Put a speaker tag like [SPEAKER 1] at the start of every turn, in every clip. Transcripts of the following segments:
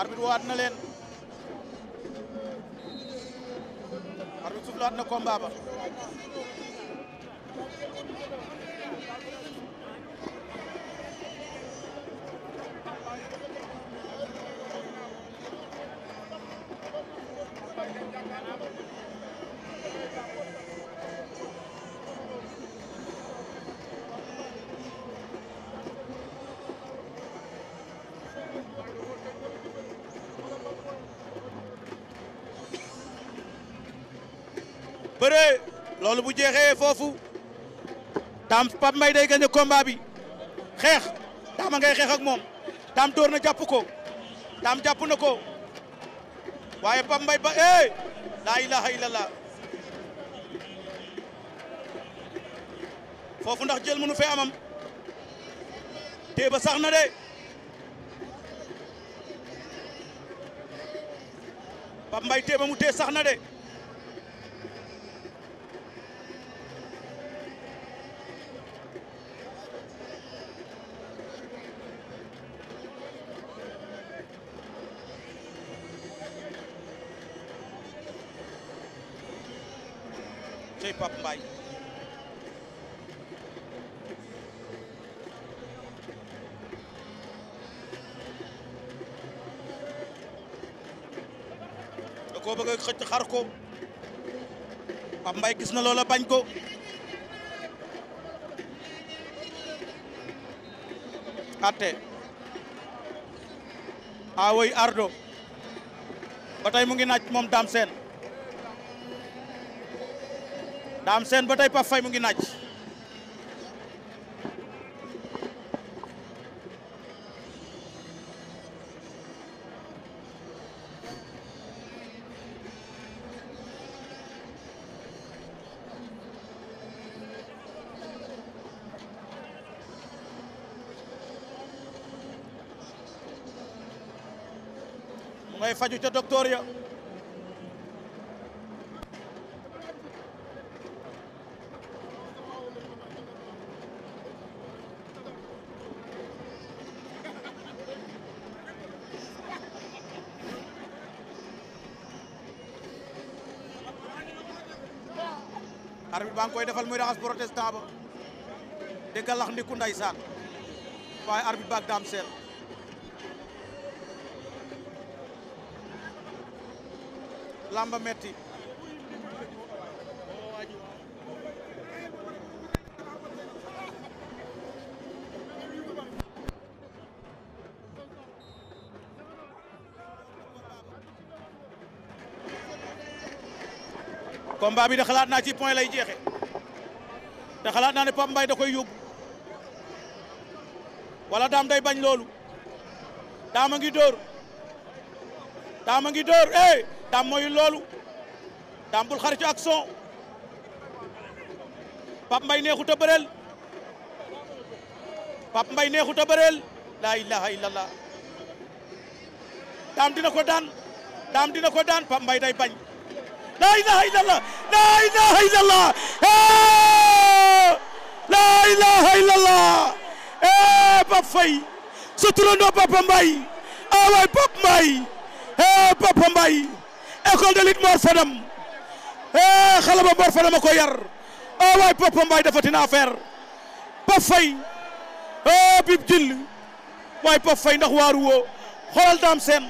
[SPEAKER 1] arbitre waat na leen arbitre suuf laat na combat ba bëree loolu bu jeexee foofu daam Pape Mbaye day gagné combat bi xeex daama ngay xeex ak moom daam door na jàpp ko daam jàpp na ko waaye Pape Mbaye ba eh laa ilaha illallah foofu ndax jël mënu fee amam tee ba sax na de Pape Mbaye tee ba mu tee sax na de tey koo bëgg a xëcc xar ko Pape Mbaye gis na loola bañ ko atte awoy ardo ba tey mu ngi naaj moom Dame dam sen batay pa fay mu ngi nacc ngay faju ca docteur ya arbitre baa ngi koy defal muy raxas protestant ba di galax ndiku ndeysaan waaye arbitre baak daam seen lamba metti combat bi da xalaat naa ci point lay jeexe te xalaat naa ne Pape Mbaye da koy yóbbu wala daam day bañ loolu a ngi door dóor a ngi door eh daam mooy loolu daam bul xaritu ak son Pape Mbaye neexut a bëreel Pape Mbaye neexut a bëreel laa ilaha illallah daam dina ko daan daam dina ko daan Pape Mbaye day bañ la ilaha illallah la ilaha illallah la ilaha illallah eh Pape Faye sa turandoo Papa Mbaye ah waay Pape Mbaye eh Papa Mbaye eh, a ko yar ah waay Papa dafa tina affaire Pape Faye ah bib jil waaru woo xoolal daam seen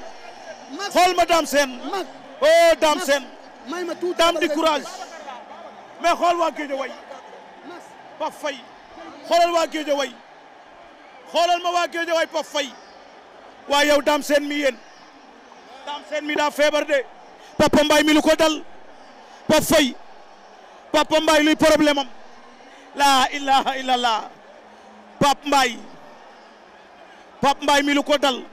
[SPEAKER 1] xool ma daam may ma tuuti daam di courage mais xool waa géej way Pape Faye xoolal waa géej way xoolal ma waa géej way Pape Faye waa yow daam seen mi yéen daam seen mi daa feebar de Papa Mbaye mi lu ko dal Pape Faye Papa Mbaye luy problème am laa ilaha illallah Pape Mbaye Pape Mbaye mi lu ko dal